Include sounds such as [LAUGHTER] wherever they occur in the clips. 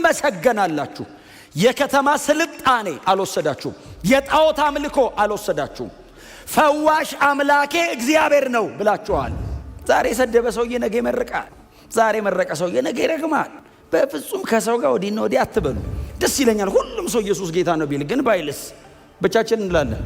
ትመሰገናላችሁ። የከተማ ስልጣኔ አልወሰዳችሁም። የጣዖት አምልኮ አልወሰዳችሁም። ፈዋሽ አምላኬ እግዚአብሔር ነው ብላችኋል። ዛሬ የሰደበ ሰውዬ ነገ ይመርቃል። ዛሬ የመረቀ ሰውዬ ነገ ይረግማል። በፍጹም ከሰው ጋር ወዲና ወዲህ አትበሉ። ደስ ይለኛል ሁሉም ሰው ኢየሱስ ጌታ ነው ቢል ግን ባይልስ ብቻችን እንላለን።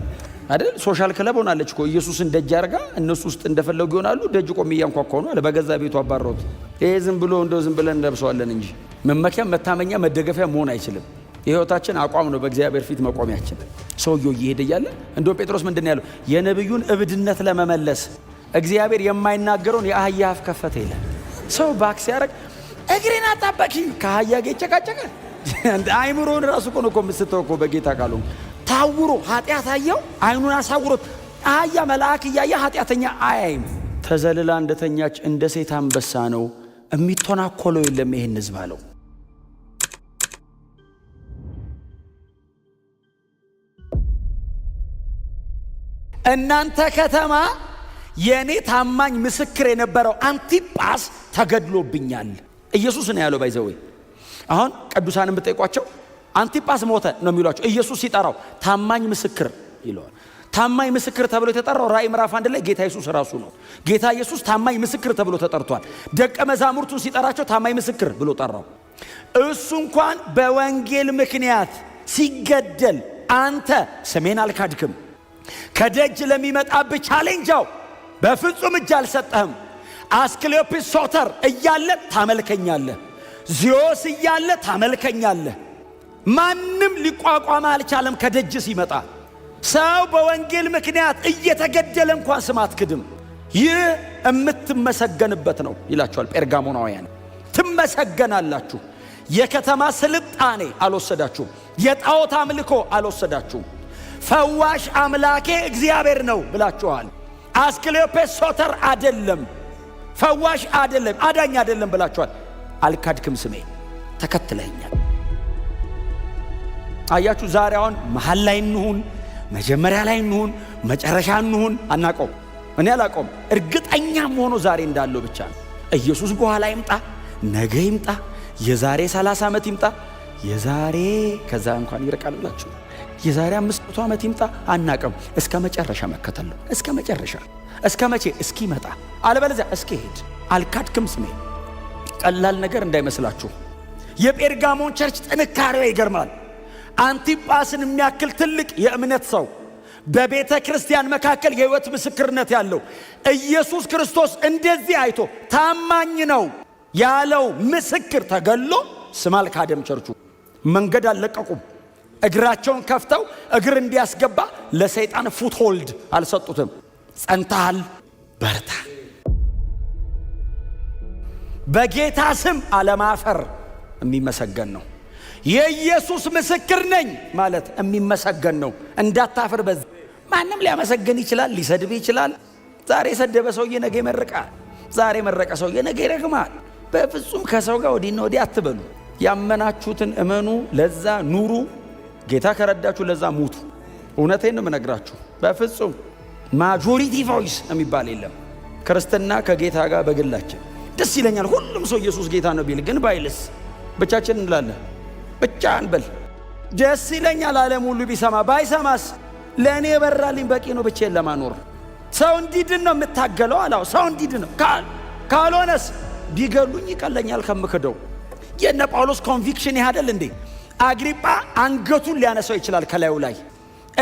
አይደል ሶሻል ክለብ ሆናለች እኮ ኢየሱስን ደጅ አርጋ እነሱ ውስጥ እንደፈለጉ ይሆናሉ። ደጅ ቆም እያንኳኳ ነው አለ። በገዛ ቤቱ አባረውት። ይሄ ዝም ብሎ እንደው ዝም ብለን እንለብሰዋለን እንጂ መመኪያ፣ መታመኛ፣ መደገፊያ መሆን አይችልም። የህይወታችን አቋም ነው በእግዚአብሔር ፊት መቆሚያችን። ሰውየው እየሄደ እያለ እንደው ጴጥሮስ ምንድን ያለው የነቢዩን እብድነት ለመመለስ እግዚአብሔር የማይናገረውን የአህያ አፍ ከፈተ ይላል። ሰው ባክ ሲያደርግ እግሬን አጣበኪ ከአህያ ጋር ይጨቃጨቃል። አይምሮን ራሱ እኮ ነው እኮ የምትስተው እኮ በጌታ ቃሉ ታውሮ ኃጢአት አየው። አይኑን አሳውሮት አህያ መልአክ እያየ ኃጢአተኛ አያይም። ተዘልላ እንደተኛች እንደ ሴት አንበሳ ነው የሚተናኮለው የለም ይህን ህዝብ አለው። እናንተ ከተማ የእኔ ታማኝ ምስክር የነበረው አንቲጳስ ተገድሎብኛል። ኢየሱስ ነው ያለው። ባይዘወይ አሁን ቅዱሳንን ብጠይቋቸው አንቲጳስ ሞተ ነው የሚሏቸው። ኢየሱስ ሲጠራው ታማኝ ምስክር ይለዋል። ታማኝ ምስክር ተብሎ የተጠራው ራእይ ምዕራፍ አንድ ላይ ጌታ ኢየሱስ ራሱ ነው። ጌታ ኢየሱስ ታማኝ ምስክር ተብሎ ተጠርቷል። ደቀ መዛሙርቱን ሲጠራቸው ታማኝ ምስክር ብሎ ጠራው። እሱ እንኳን በወንጌል ምክንያት ሲገደል አንተ ስሜን አልካድክም፣ ከደጅ ለሚመጣብህ ቻሌንጃው በፍጹም እጅ አልሰጠህም። አስክሌዮፒስ ሶተር እያለ ታመልከኛለህ፣ ዚዮስ እያለ ታመልከኛለህ ማንም ሊቋቋም አልቻለም። ከደጅ ሲመጣ ሰው በወንጌል ምክንያት እየተገደለ እንኳን ስም አትክድም። ይህ የምትመሰገንበት ነው ይላቸዋል ጴርጋሞናውያን። ትመሰገናላችሁ። የከተማ ስልጣኔ አልወሰዳችሁም። የጣዖት አምልኮ አልወሰዳችሁም። ፈዋሽ አምላኬ እግዚአብሔር ነው ብላችኋል። አስክሌዮፔስ ሶተር አደለም፣ ፈዋሽ አደለም፣ አዳኝ አደለም ብላችኋል። አልካድክም፣ ስሜ ተከትለኛል። አያችሁ ዛሬ አሁን መሀል ላይ እንሁን፣ መጀመሪያ ላይ እንሁን፣ መጨረሻ እንሁን አናቆም። እኔ አላቆም። እርግጠኛም ሆኖ ዛሬ እንዳለው ብቻ ነው። ኢየሱስ በኋላ ይምጣ፣ ነገ ይምጣ፣ የዛሬ 30 ዓመት ይምጣ፣ የዛሬ ከዛ እንኳን ይርቃል ብላችሁ የዛሬ አምስት መቶ ዓመት ይምጣ አናቀም። እስከ መጨረሻ መከተል ነው። እስከ መጨረሻ እስከ መቼ? እስኪመጣ አለበለዚያ እስኪ ሄድ አልካድክም። ስሜ ቀላል ነገር እንዳይመስላችሁ። የጴርጋሞን ቸርች ጥንካሬው ይገርማል። አንቲጳስን የሚያክል ትልቅ የእምነት ሰው በቤተ ክርስቲያን መካከል የሕይወት ምስክርነት ያለው ኢየሱስ ክርስቶስ እንደዚህ አይቶ ታማኝ ነው ያለው ምስክር ተገሎ ስም አልካደም። ቸርቹ መንገድ አልለቀቁም። እግራቸውን ከፍተው እግር እንዲያስገባ ለሰይጣን ፉትሆልድ አልሰጡትም። ጸንተሃል፣ በርታ፣ በጌታ ስም አለማፈር የሚመሰገን ነው። የኢየሱስ ምስክር ነኝ ማለት የሚመሰገን ነው። እንዳታፍር። በዛ ማንም ሊያመሰግን ይችላል፣ ሊሰድብ ይችላል። ዛሬ የሰደበ ሰውዬ ነገ ይመርቃል። ዛሬ የመረቀ ሰውዬ ነገ ይረግማል። በፍጹም ከሰው ጋር ወዲና ወዲህ አትበሉ። ያመናችሁትን እመኑ፣ ለዛ ኑሩ። ጌታ ከረዳችሁ ለዛ ሙቱ። እውነቴን ነው የምነግራችሁ። በፍጹም ማጆሪቲ ቮይስ የሚባል የለም። ክርስትና ከጌታ ጋር በግላችን ደስ ይለኛል። ሁሉም ሰው ኢየሱስ ጌታ ነው ቢል ግን ባይልስ ብቻችን እንላለን። ብቻ አንበል። ደስ ይለኛል ዓለም ሁሉ ቢሰማ፣ ባይሰማስ ለእኔ የበራልኝ በቂ ነው ብቻዬን ለማኖር። ሰው እንዲድን ነው የምታገለው አላው ሰው እንዲድን ነው ካልሆነስ ቢገሉኝ ይቀለኛል ከምክደው። የነ ጳውሎስ ኮንቪክሽን ይህ አይደል እንዴ? አግሪጳ አንገቱን ሊያነሳው ይችላል ከላዩ ላይ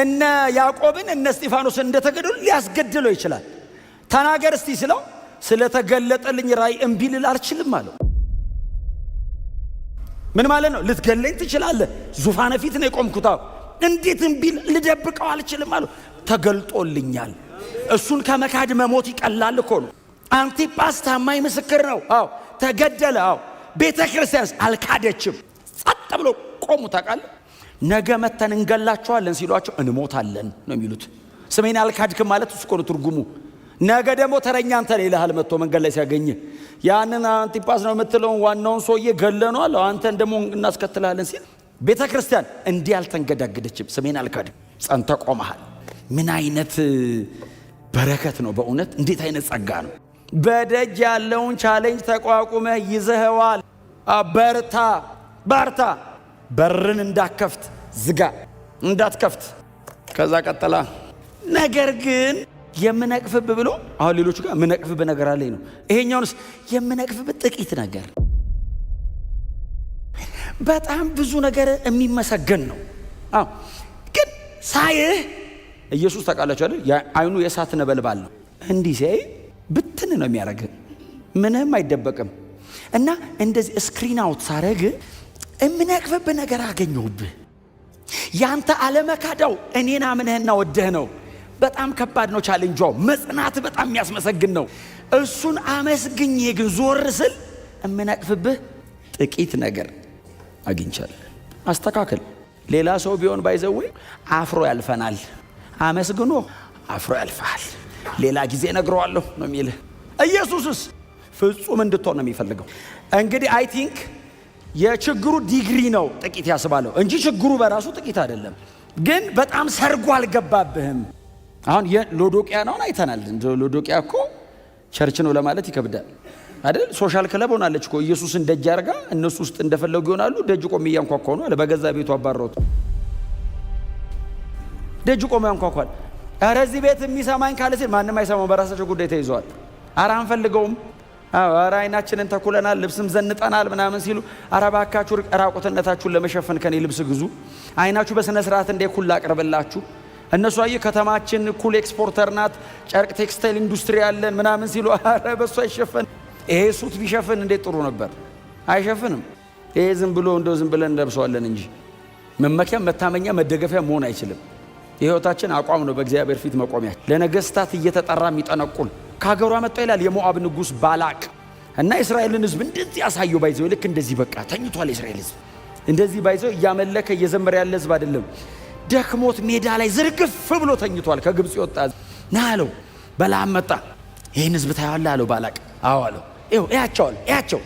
እነ ያዕቆብን እነ እስጢፋኖስን እንደተገደሉ ሊያስገድለው ይችላል። ተናገር እስቲ ስለው ስለተገለጠልኝ ራእይ እምቢልል አልችልም አለው። ምን ማለት ነው? ልትገለኝ ትችላለህ። ዙፋነ ፊት ነው የቆምኩታ። እንዴት ቢል ልደብቀው አልችልም አሉ። ተገልጦልኛል። እሱን ከመካድ መሞት ይቀላል እኮ ነው። አንቲጳስ ታማኝ ምስክር ነው። አዎ ተገደለ። አዎ ቤተ ክርስቲያንስ አልካደችም። ጸጥ ብሎ ቆሙ። ታውቃለህ፣ ነገ መተን እንገላቸዋለን ሲሏቸው እንሞታለን ነው የሚሉት። ስሜን አልካድክም ማለት እሱ እኮ ነው ትርጉሙ። ነገ ደግሞ ተረኛ አንተ ነው ይልሃል። መጥቶ መንገድ ላይ ሲያገኝ ያንን አንቲጳስ ነው የምትለውን ዋናውን ሰውዬ ገለኗል፣ አንተን ደግሞ እናስከትላለን ሲል ቤተ ክርስቲያን እንዲህ አልተንገዳገደችም። ስሜን አልካድም፣ ጸንተ ቆመሃል። ምን አይነት በረከት ነው በእውነት! እንዴት አይነት ጸጋ ነው! በደጅ ያለውን ቻሌንጅ ተቋቁመ ይዘህዋል በርታ በርታ። በርን እንዳከፍት ዝጋ፣ እንዳትከፍት። ከዛ ቀጠላ ነገር ግን የምነቅፍብ ብሎ አሁን ሌሎቹ ጋር የምነቅፍብ ነገር አለኝ ነው። ይሄኛውንስ የምነቅፍብ ጥቂት ነገር በጣም ብዙ ነገር የሚመሰገን ነው። አዎ ግን ሳይህ ኢየሱስ ታውቃላችሁ አይደል? አይኑ የእሳት ነበልባል ነው። እንዲህ ሲያይ ብትን ነው የሚያደርግ፣ ምንም አይደበቅም። እና እንደዚህ ስክሪን አውት ሳረግ የምነቅፍብ ነገር አገኘሁብህ። ያንተ አለመካዳው እኔን አምነህና ወደህ ነው በጣም ከባድ ነው። ቻሌንጇ መጽናት በጣም የሚያስመሰግን ነው። እሱን አመስግኜ ግን ዞር ስል የምነቅፍብህ ጥቂት ነገር አግኝቻል። አስተካከል። ሌላ ሰው ቢሆን ባይዘዌ አፍሮ ያልፈናል። አመስግኖ አፍሮ ያልፈሃል። ሌላ ጊዜ ነግረዋለሁ ነው የሚልህ። ኢየሱስስ ፍጹም እንድትሆን ነው የሚፈልገው። እንግዲህ አይ ቲንክ የችግሩ ዲግሪ ነው ጥቂት ያስባለው እንጂ ችግሩ በራሱ ጥቂት አይደለም። ግን በጣም ሰርጎ አልገባብህም። አሁን የሎዶቅያ ነውን አይተናል። ሎዶቅያ እኮ ቸርች ነው ለማለት ይከብዳል አይደል? ሶሻል ክለብ ሆናለች እኮ ኢየሱስን ደጅ አርጋ እነሱ ውስጥ እንደፈለጉ ይሆናሉ። ደጅ ቆም እያንኳኳ ነው አለ። በገዛ ቤቱ አባረሩት። ደጅ ቆም ያንኳኳል። ኧረ እዚህ ቤት የሚሰማኝ ካለ ሲል ማንም አይሰማው። በራሳቸው ጉዳይ ተይዘዋል። ኧረ አንፈልገውም፣ ኧረ አይናችንን ተኩለናል፣ ልብስም ዘንጠናል ምናምን ሲሉ አረባካችሁ እባካችሁ ራቁትነታችሁን ለመሸፈን ከኔ ልብስ ግዙ፣ አይናችሁ በስነ ስርዓት እንደ ኩላ አቅርብላችሁ እነሱ አየህ ከተማችን ኩል ኤክስፖርተር ናት፣ ጨርቅ ቴክስታይል ኢንዱስትሪ አለን ምናምን ሲሉ አረ በሱ አይሸፈን። ይሄ ሱት ቢሸፍን እንዴት ጥሩ ነበር። አይሸፍንም። ይሄ ዝም ብሎ እንደው ዝም ብለን እንለብሰዋለን እንጂ መመኪያ፣ መታመኛ፣ መደገፊያ መሆን አይችልም። የህይወታችን አቋም ነው በእግዚአብሔር ፊት መቆሚያ። ለነገስታት እየተጠራ የሚጠነቁል ከሀገሯ መጣ ይላል የሞአብ ንጉሥ ባላቅ እና እስራኤልን ህዝብ እንደዚህ ያሳየው ባይዘው ልክ እንደዚህ በቃ ተኝቷል። የእስራኤል ህዝብ እንደዚህ ባይዘው እያመለከ እየዘመረ ያለ ህዝብ አይደለም። ደክሞት ሜዳ ላይ ዝርግፍ ብሎ ተኝቷል። ከግብፅ ይወጣ ና አለው። በላም መጣ። ይህን ህዝብ ታየዋለህ አለው። ባላቅ አዎ አለው። ይኸው እያቸዋል እያቸው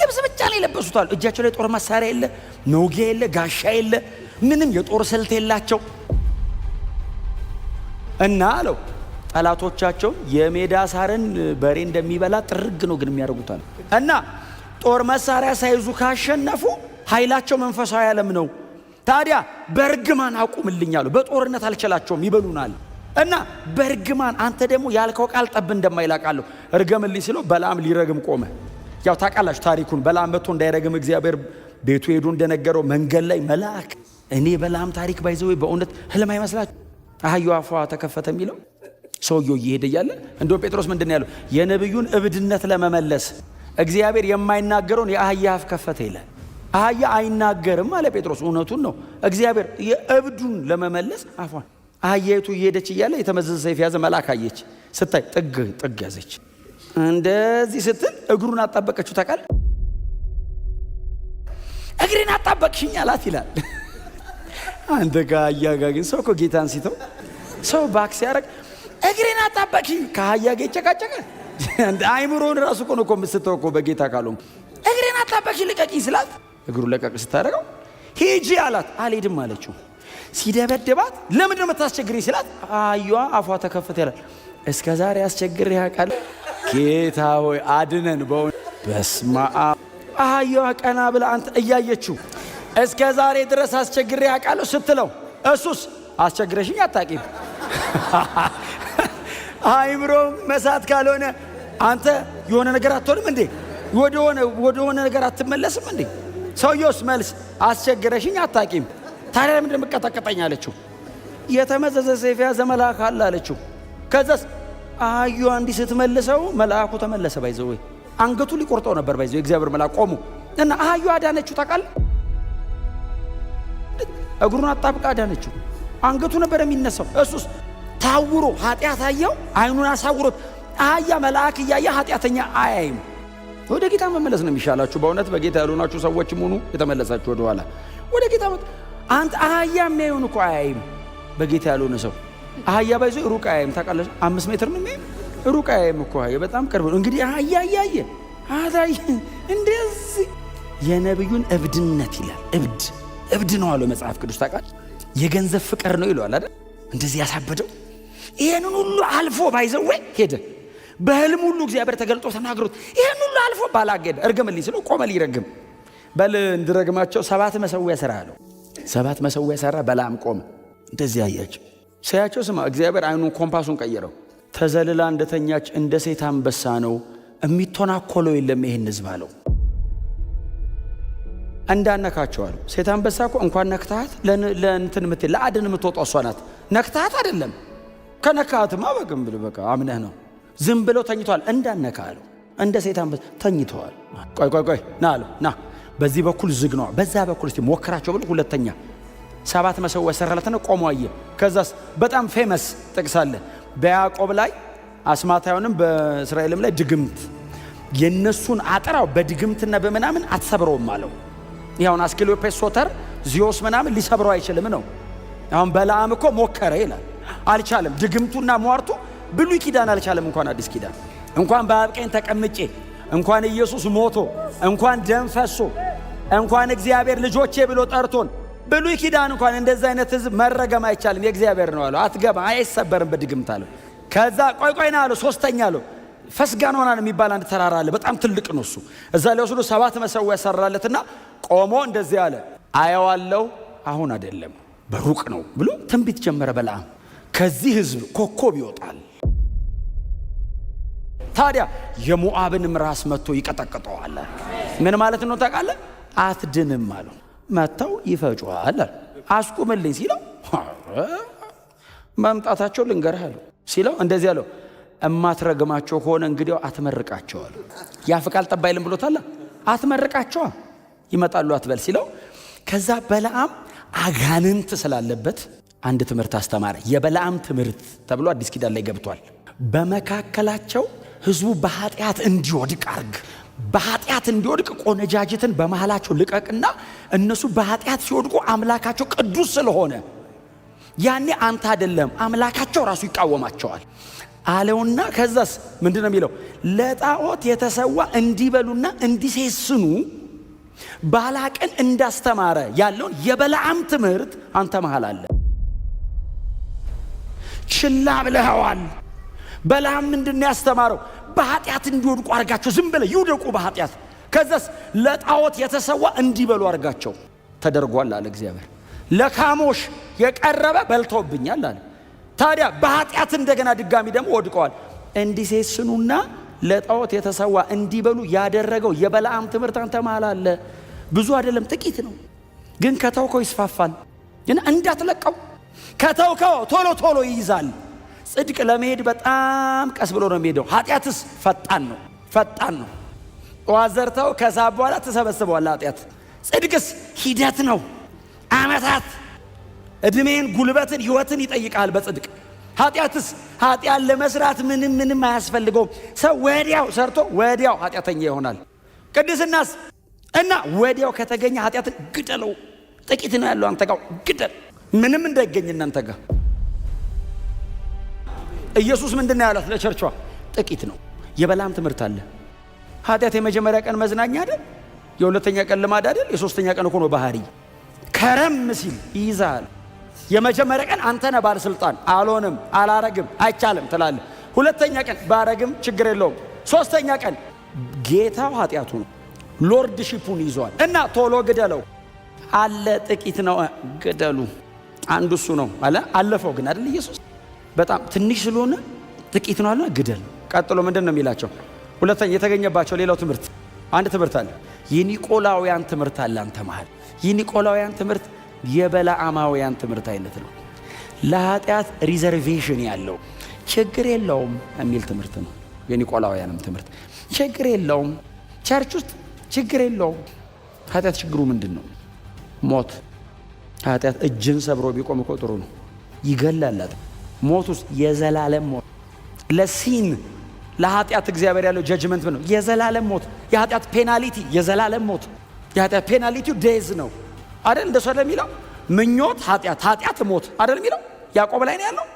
ልብስ ብቻ ነው የለበሱታል። እጃቸው ላይ ጦር መሳሪያ የለ፣ ነውጌ የለ፣ ጋሻ የለ፣ ምንም የጦር ስልት የላቸው እና አለው ጠላቶቻቸው የሜዳ ሳርን በሬ እንደሚበላ ጥርግ ነው ግን የሚያደርጉታል። እና ጦር መሳሪያ ሳይዙ ካሸነፉ ኃይላቸው መንፈሳዊ ዓለም ነው። ታዲያ በእርግማን አቁምልኝ አሉ። በጦርነት አልችላቸውም ይበሉናል እና በእርግማን አንተ ደግሞ ያልከው ቃል ጠብ እንደማይላቃለሁ እርገምልኝ ሲለው በላም ሊረግም ቆመ። ያው ታውቃላችሁ ታሪኩን። በላም መጥቶ እንዳይረግም እግዚአብሔር ቤቱ ሄዶ እንደነገረው መንገድ ላይ መልአክ። እኔ በላም ታሪክ ባይዘው በእውነት ህልም አይመስላችሁ? አህዮ አፏ ተከፈተ የሚለው ሰውየው እየሄደ እያለ እንደ ጴጥሮስ ምንድን ያለው የነቢዩን እብድነት ለመመለስ እግዚአብሔር የማይናገረውን የአህያ አፍ ከፈተ ይላል። አህያ አይናገርም አለ ጴጥሮስ። እውነቱን ነው። እግዚአብሔር የእብዱን ለመመለስ አፏን አህያይቱ እየሄደች እያለ የተመዘዘ ሰይፍ ያዘ መልአክ አየች። ስታይ ጥግ ጥግ ያዘች። እንደዚህ ስትል እግሩን አጣበቀችው። ታውቃል እግሬን አጣበቅሽኝ አላት ይላል። አንተ ከአህያ ጋር ግን ሰው እኮ ጌታን ሲተው ሰው ባክ ሲያደርግ እግሬን አጣበቅሽኝ ከአህያ ጋር ይጨቃጨቀ አይምሮን ራሱ እኮ ነው እኮ የምትስተው እኮ በጌታ ካሉ እግሬን አጣበቅሽኝ ልቀቂኝ ስላት እግሩ ለቀቅ ስታደርገው ሂጂ አላት። አልሄድም አለችው። ሲደበድባት ለምንድን ነው የምታስቸግሪኝ ስላት አዩዋ አፏ ተከፍት ይላል። እስከ ዛሬ አስቸግር ያውቃል። ጌታ ሆይ አድነን። በሆን በስማ አዩዋ ቀና ብለ አንተ እያየችው እስከ ዛሬ ድረስ አስቸግር ያውቃለሁ ስትለው እሱስ አስቸግረሽኝ አታቂም [LAUGHS] አይምሮ መሳት ካልሆነ አንተ የሆነ ነገር አትሆንም እንዴ? ወደሆነ ነገር አትመለስም እንዴ? ሰውየውስ መልስ አስቸግረሽኝ አታቂም፣ ታዲያ ለምንድን ነው አለችው። የተመዘዘ ሰይፍ የያዘ መልአክ አለ አለችው። ከዛስ አዩ አንዲ ስትመልሰው መልአኩ ተመለሰ። ባይዘ ወይ አንገቱ ሊቆርጠው ነበር። ባይዘው እግዚአብሔር መልአክ ቆሙ እና አዩ አዳነችው። ታውቃለህ፣ እግሩን አጣብቃ አዳነችው። አንገቱ ነበር የሚነሳው። እሱስ ታውሮ ኃጢአት አየው። አይኑን አሳውሮት አያ መልአክ እያየ ኃጢአተኛ አያይም። ወደ ጌታ መመለስ ነው የሚሻላችሁ። በእውነት በጌታ ያልሆናችሁ ሰዎች ሆኑ የተመለሳችሁ ወደኋላ ወደ ጌታ አንተ አህያ የሚያዩን እኮ አያይም። በጌታ ያልሆነ ሰው አህያ ባይዞ ሩቅ አያይም። ታውቃለች፣ አምስት ሜትር ነው ሩቅ አያይም እኮ አህያ በጣም ቅርብ ነው። እንግዲህ አህያ እያየ እንደዚህ የነቢዩን እብድነት ይላል። እብድ እብድ ነው አለው መጽሐፍ ቅዱስ ታውቃለህ። የገንዘብ ፍቅር ነው ይለዋል አይደል? እንደዚህ ያሳበደው ይህንን ሁሉ አልፎ ባይዘው ወይ ሄደ በህልም ሁሉ እግዚአብሔር ተገልጦ ተናግሮት ይህን ሁሉ አልፎ ባላገድ እርግምልኝ ስለው ቆመ ሊረግም በል እንድረግማቸው ሰባት መሰዊያ ሥራ አለው። ሰባት መሰዊያ ሰራ። በላም ቆመ። እንደዚህ አያቸው ሳያቸው፣ ስማ እግዚአብሔር አይኑን ኮምፓሱን ቀየረው። ተዘልላ እንደተኛች እንደ ሴት አንበሳ ነው የሚቶናኮለው የለም ይህን ህዝብ አለው። እንዳነካቸው አሉ። ሴት አንበሳ እኮ እንኳን ነክታት ለእንትን ምት ለአድን የምትወጣ እሷ ናት። ነክታት አይደለም ከነካትማ ብል በቃ አምነህ ነው ዝም ብለው ተኝተዋል። እንዳነካ አለው። እንደ ሴት ተኝተዋል። ቆይ ቆይ ቆይ ና አለው። ና በዚህ በኩል ዝግ ነው፣ በዛ በኩል እስቲ ሞክራቸው ብሎ ሁለተኛ ሰባት መሰዊያ ሰራለትና ቆሞ አየ። ከዛስ በጣም ፌመስ ጥቅስ አለ በያዕቆብ ላይ አስማታዊንም በእስራኤልም ላይ ድግምት የነሱን አጥራው በድግምትና በምናምን አትሰብረውም አለው። ይኸውን አስኪሎፔስ ሶተር ዚዮስ ምናምን ሊሰብረው አይችልም ነው። አሁን በለዓም እኮ ሞከረ ይላል፣ አልቻለም። ድግምቱና ሟርቱ ብሉይ ኪዳን አልቻለም፣ እንኳን አዲስ ኪዳን እንኳን በአብ ቀኝ ተቀምጬ እንኳን ኢየሱስ ሞቶ እንኳን ደም ፈሶ እንኳን እግዚአብሔር ልጆቼ ብሎ ጠርቶን ብሉይ ኪዳን እንኳን እንደዚ አይነት ህዝብ መረገም አይቻልም። የእግዚአብሔር ነው አለው። አትገባ አይሰበርም በድግምት አለው። ከዛ ቆይቆይና ቆይ ሶስተኛ አለው። ሶስተኛ አለው ነው የሚባል አንድ ተራራ አለ። በጣም ትልቅ ነው እሱ። እዛ ላይ ወስዶ ሰባት መሰዊ ያሰራለትና ቆሞ እንደዚህ አለ፣ አየዋለው አሁን አይደለም በሩቅ ነው ብሎ ትንቢት ጀመረ። በለዓም ከዚህ ህዝብ ኮከብ ይወጣል ታዲያ የሞዓብንም ራስ መጥቶ ይቀጠቅጠዋል። ምን ማለት ነው ታውቃለህ? አትድንም አለ። መጥተው ይፈጩዋል። አስቁምልኝ ሲለው መምጣታቸው ልንገርህ ሲለው እንደዚህ አለው፣ እማትረግማቸው ከሆነ እንግዲያው አትመርቃቸው አለው። ያ ፍቃል ጠባይልን ብሎታል። አትመርቃቸዋ ይመጣሉ አትበል ሲለው፣ ከዛ በለዓም አጋንንት ስላለበት አንድ ትምህርት አስተማረ። የበለዓም ትምህርት ተብሎ አዲስ ኪዳን ላይ ገብቷል። በመካከላቸው ህዝቡ በኃጢአት እንዲወድቅ አርግ። በኃጢአት እንዲወድቅ ቆነጃጅትን በመሃላቸው ልቀቅና እነሱ በኃጢአት ሲወድቁ አምላካቸው ቅዱስ ስለሆነ ያኔ አንተ አይደለም አምላካቸው ራሱ ይቃወማቸዋል አለውና ከዛስ ምንድን ነው የሚለው? ለጣዖት የተሰዋ እንዲበሉና እንዲሴስኑ ባላቅን እንዳስተማረ ያለውን የበለዓም ትምህርት አንተ መሃል አለ። ችላ ብለኸዋል። በለዓም ምንድን ያስተማረው? በኃጢአት እንዲወድቁ አርጋቸው፣ ዝም በለ ይውደቁ በኃጢአት ከዛስ ለጣዖት የተሰዋ እንዲበሉ አርጋቸው ተደርጓል አለ እግዚአብሔር። ለካሞሽ የቀረበ በልቶብኛል አለ። ታዲያ በኃጢአት እንደገና ድጋሚ ደግሞ ወድቀዋል። እንዲሴስኑና ለጣዖት የተሰዋ እንዲበሉ ያደረገው የበለዓም ትምህርት አንተ መሃል አለ። ብዙ አይደለም ጥቂት ነው፣ ግን ከተውከው ይስፋፋል እና እንዳትለቀው ከተውከው ቶሎ ቶሎ ይይዛል። ጽድቅ ለመሄድ በጣም ቀስ ብሎ ነው የሚሄደው። ኃጢአትስ ፈጣን ነው፣ ፈጣን ነው። ጠዋት ዘርተው ከሳብ በኋላ ተሰበስበዋል። ኃጢአት ጽድቅስ ሂደት ነው። ዓመታት እድሜን ጉልበትን፣ ህይወትን ይጠይቃል። በጽድቅ ኃጢአትስ ኃጢአት ለመስራት ምንም ምንም አያስፈልገውም። ሰው ወዲያው ሰርቶ ወዲያው ኃጢአተኛ ይሆናል። ቅድስናስ እና ወዲያው ከተገኘ ኃጢአትን ግደለው። ጥቂት ነው ያለው አንተ ጋር ግደል፣ ምንም እንዳይገኝ እናንተ ጋር ኢየሱስ ምንድን ያላት ለቸርቿ? ጥቂት ነው። የበላም ትምህርት አለ። ኃጢአት የመጀመሪያ ቀን መዝናኛ አይደል? የሁለተኛ ቀን ልማድ አይደል? የሶስተኛ ቀን እኮ ነው ባህሪ። ከረም ሲል ይይዛል። የመጀመሪያ ቀን አንተ ነህ ባለስልጣን። አልሆንም፣ አላረግም፣ አይቻልም ትላለ ሁለተኛ ቀን ባረግም ችግር የለውም። ሶስተኛ ቀን ጌታው ኃጢአቱ ነው ሎርድሺፑን ይዟል እና ቶሎ ግደለው አለ። ጥቂት ነው ግደሉ። አንዱ እሱ ነው አለ። አለፈው ግን አይደል ኢየሱስ በጣም ትንሽ ስለሆነ ጥቂት ነው አለና ግደል። ቀጥሎ ምንድን ነው የሚላቸው? ሁለተኛ የተገኘባቸው ሌላው ትምህርት አንድ ትምህርት አለ። የኒቆላውያን ትምህርት አለ አንተ መሃል። የኒቆላውያን ትምህርት የበለዓማውያን ትምህርት አይነት ነው። ለኃጢአት ሪዘርቬሽን ያለው ችግር የለውም የሚል ትምህርት ነው። የኒቆላውያንም ትምህርት ችግር የለውም፣ ቸርች ውስጥ ችግር የለውም። ኃጢአት ችግሩ ምንድን ነው? ሞት። ኃጢአት እጅን ሰብሮ ቢቆም እኮ ጥሩ ነው፣ ይገላላት ሞት ውስጥ የዘላለም ሞት ለሲን ለኃጢአት እግዚአብሔር ያለው ጀጅመንት ነው። የዘላለም ሞት የኃጢአት ፔናሊቲ የዘላለም ሞት የኃጢአት ፔናሊቲው ዴዝ ነው አደል? እንደሱ አደል የሚለው ምኞት ኃጢአት፣ ኃጢአት ሞት አደል የሚለው ያዕቆብ ላይ ነው ያለው።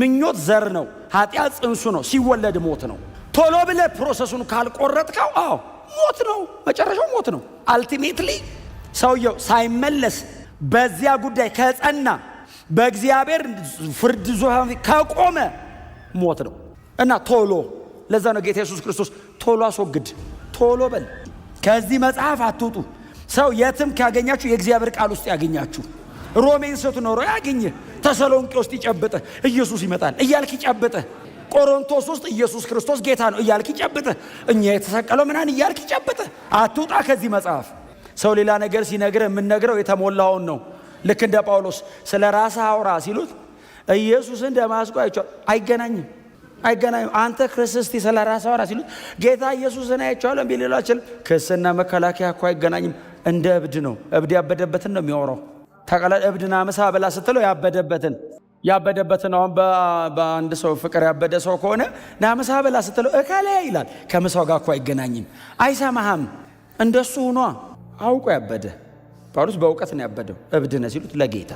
ምኞት ዘር ነው፣ ኃጢአት ጽንሱ ነው፣ ሲወለድ ሞት ነው። ቶሎ ብለ ፕሮሰሱን ካልቆረጥከው፣ አዎ ሞት ነው፣ መጨረሻው ሞት ነው። አልቲሜትሊ ሰውየው ሳይመለስ በዚያ ጉዳይ ከጸና በእግዚአብሔር ፍርድ ዙፋን ከቆመ ሞት ነው እና ቶሎ። ለዛ ነው ጌታ ኢየሱስ ክርስቶስ ቶሎ አስወግድ፣ ቶሎ በል፣ ከዚህ መጽሐፍ አትውጡ። ሰው የትም ካገኛችሁ የእግዚአብሔር ቃል ውስጥ ያገኛችሁ። ሮሜን ኖሮ ያገኘ ተሰሎንቄ ውስጥ ይጨብጠ ኢየሱስ ይመጣል እያልክ ይጨብጠ ቆሮንቶስ ውስጥ ኢየሱስ ክርስቶስ ጌታ ነው እያልክ ይጨብጠ እኛ የተሰቀለው ምናን እያልክ ይጨብጠ አትውጣ ከዚህ መጽሐፍ። ሰው ሌላ ነገር ሲነግርህ የምንነግረው የተሞላውን ነው። ልክ እንደ ጳውሎስ ስለ ራስህ አውራ ሲሉት ኢየሱስን ደማስቆ አይቼዋለሁ። አይገናኝም፣ አይገናኝም። አንተ ክርስስቲ ስለ ራስህ አውራ ሲሉት ጌታ ኢየሱስን አይቼዋለሁ ቢል ሌላ አይችልም። ክስና መከላከያ እኮ አይገናኝም። እንደ እብድ ነው። እብድ ያበደበትን ነው የሚያወራው። ተቀለ እብድና ምሳ ብላ ስትለው ያበደበትን ያበደበትን አሁን በአንድ ሰው ፍቅር ያበደ ሰው ከሆነ ናምሳ በላ ስትለው እከላ ይላል። ከምሳው ጋር እኮ አይገናኝም። አይሰማህም። እንደሱ ሁኗ አውቆ ያበደ ጳውሎስ በእውቀት ነው ያበደው። እብድ ነህ ሲሉት ለጌታ